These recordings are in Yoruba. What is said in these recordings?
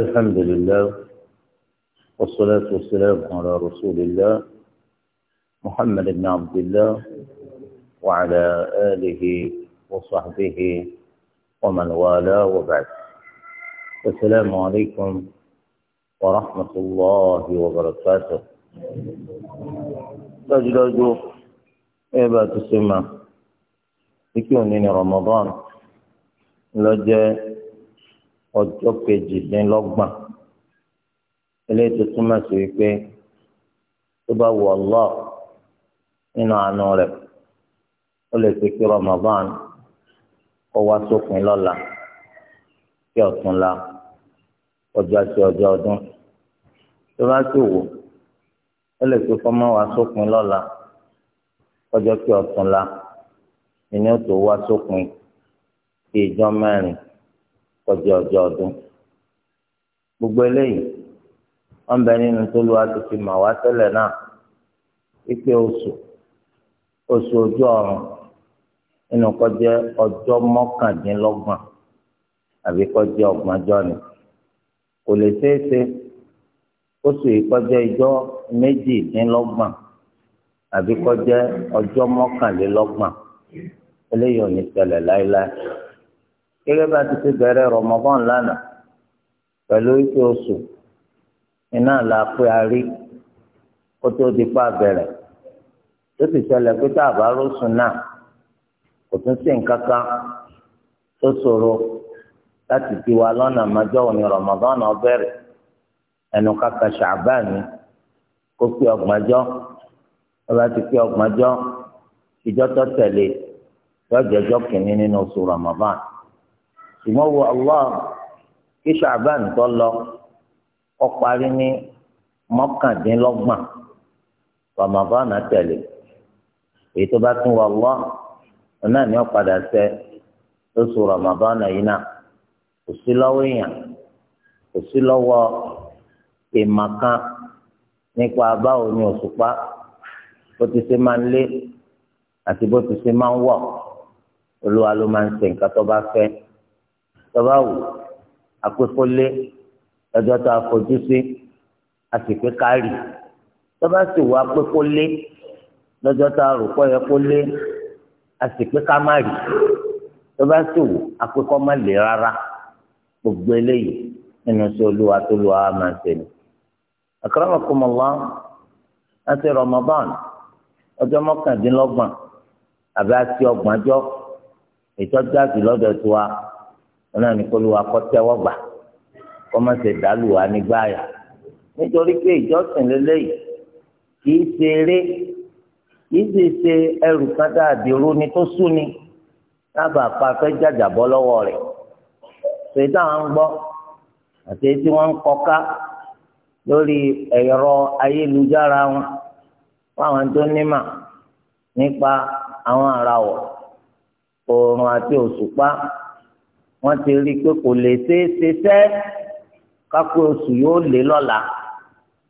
الحمد لله والصلاة والسلام على رسول الله محمد بن عبد الله وعلى آله وصحبه ومن والاه وبعد السلام عليكم ورحمة الله وبركاته تجلد إبا تسمى لكي رمضان لجأ ọjọ́ kejìdínlọ́gbọ̀n eléyìí tó túmọ̀ sí wípé tó bá wù Allah nínú àánú rẹ̀ ó lè fi kí Ramadan kó wá sópin lọ́la kí ọ̀túnla ọjọ́ àti ọjọ́ ọdún tó bá sì wù ó lè fi kọ́mọ́ wá sópin lọ́la ọjọ́ kí ọ̀túnla ìní ò tó wá sópin kí ìjọ mẹ́rin. kọjá ọjọ́ ọdún gbogbo eléyìí wọn bẹ nínú tó lu mà wá náà wípé oṣù oṣù ojú ọ̀run nínú kọjá ọjọ mọ́kàndínlọ́gbọ̀n àbí kọjá ọgbọ̀njọ́ ni kò lè ṣeé ṣe oṣù ìkọjá àbí kọjá eléyìí ò ní láéláé. gẹ́gẹ́ bá ti ṣe bẹ̀rẹ̀ Ramadan lánàá pẹ̀lú ike oṣù iná là pé a rí kó tó di pa bẹ̀rẹ̀ tó sì ṣẹlẹ̀ pé tá a bá rọ́ṣùn náà kò tún sí nǹkan tó ṣòro láti di wa lọ́nà májọ́ òní Ramadan ọbẹ̀rẹ̀ ẹnu nínú oṣù ṣùgbọ́n wo allah kí ṣàbàn tó lọ ó parí ní mọ́kàndínlọ́gbọ̀n ramadan tẹ̀lé èyí tó bá tún wọ allah ọ̀nà ni ó padà sẹ lóṣù ramadan yìí náà kò sí lọ́wọ́ èèyàn kò sí lọ́wọ́ ìmọ̀kan nípa báwo ni òṣùpá bó ti ṣe máa ń lé àti bó ti ṣe máa ń wọ̀ olúwa ló máa ń ṣe nǹkan tó bá fẹ́ tọ́ba wù àpépọ́lé ẹjọ́ tó àfojú sí àsìkò kárì tọ́ba sì wù àpépọ́lé lọ́jọ́ tá a rò pọ̀ yẹ kó lé àsìkò kámárì tọ́ba sì wù àpépọ́ má lè rárá gbogbo eléyìí nínú sí olúwa tó lu àwa máa ń ṣe ni. akramakumullah láti Ramadan ọjọ́ mọ́kàndínlọ́gbọ̀n àbí àti ọgbọ̀njọ́ ìtọ́jú àti lọ́dọ̀ tiwa wọn náà ní kólú akọ́tẹ́wọ́ gbà kọ́ má ṣe dàlù wá nígbàyà nítorí pé ìjọsìn lélẹ́yìí kì í ṣe eré kì í sì ṣe ẹrù kan dàbí rúni tó sú ni lábàá pa fẹ́ jàjàbọ́ lọ́wọ́ rẹ̀ ṣèyí táwọn ń gbọ́ àti tí wọ́n ń kọ́ká lórí ẹ̀rọ ayélujára wọn fáwọn tó nímà nípa àwọn àràwọ̀ oòrùn àti òṣùpá wọ́n ti rí i pé kò lè ṣeé ṣe sẹ́ kápẹ́ oṣù yóò lé lọ́la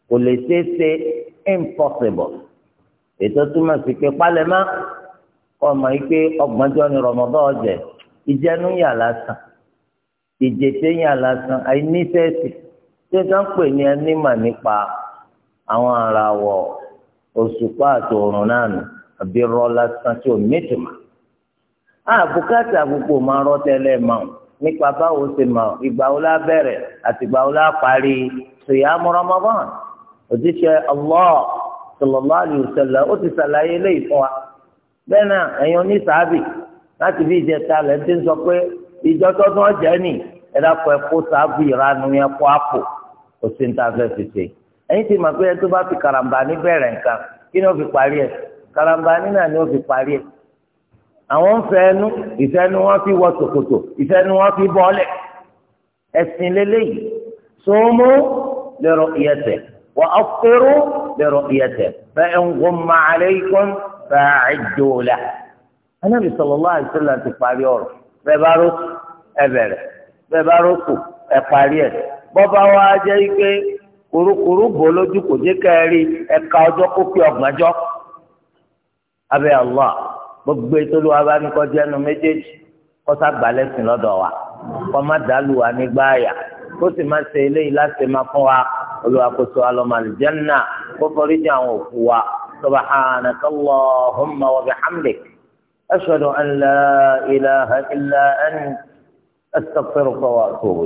kò lè ṣeé ṣe impossible ètò túmọ̀ sí pé pálẹ̀mọ́ ọmọ yìí pé ọgbọ̀njọ́ ni rọmọbọ́ ọ̀jẹ̀ ìjẹnu yà lásán ìjètè yà lásán àìníṣẹ́sì tí ó ń pè ní ẹni mà nípa àwọn àràwọ̀ òṣùpá àti òrùn náà nù àbí rọ lásán tí ò mẹ́tùmá àbùkátà gbogbo máa rọ́ tẹ́lẹ̀ máa nípa báwo ṣe mọ ìgbà wo la bẹ̀rẹ̀ àti ìgbà wo la parí ṣèyàmù Ramadan òjíṣẹ́ Allah sallallahu alaihi wasallam ó ti ṣàlàyé léyìí fún wa bẹ́ẹ̀ náà ẹ̀yin oníṣàábì láti bí ìjẹta lẹ ti ń sọ pé ìjọ tọdún ọjẹ nì ẹ dákọ ẹ kó sáàbì ìranu yẹn kó àpò kò sí ní ta fẹ́ fi ṣe ẹ̀yin ti mọ̀ pé ẹ tó bá fi karambani bẹ̀rẹ̀ nǹkan kí ni ó fi parí ẹ̀ karambani náà ni ó fi parí ẹ̀ àwọn ń fẹ́ ẹnu ìfẹ́nu wọn fi wọ ṣòkòtò ìfẹ́nu wọn fi bọ́ọ̀lẹ̀ ẹ̀sìn lélẹ́yìí sọ́mú lẹ́rọ ìyẹtẹ̀ wà á fẹ́rù lẹ́rọ ìyẹtẹ̀ bẹ́ẹ̀ ń gun màálẹ́ ikún bẹ́ẹ̀ àjòlá. anábì sallallahu alaihi wasallam ti parí ọ̀rọ̀ bẹ́ẹ̀ bá rọ́ọ̀kù ẹ bẹ̀rẹ̀ bẹ́ẹ̀ bá rọ́ọ̀kù ẹ parí ẹ̀ bọ́ba wa jẹ́ ike kurukuru bò lójú kò jẹ́ kẹ́ẹ̀rí ẹ̀ka ọjọ́ kó pé ọgbọ̀njọ́ abẹ́ Allah gbogbo ìtòlú wa bá ní kọjá ẹnu méjèèjì kọ́sá gbalẹ́sìn lọ́dọ̀ wa kọ́ má dàlù wa nígbà àyà kó sì má ṣe eléyìí láti má fún wa olùwàkóso alọ́màlìjẹ́nà kó forí jẹ́ àwọn òkú wa subhanaka Allahumma wa bihamdik ashhadu an la ilaha illa anta astaghfiruka wa atubu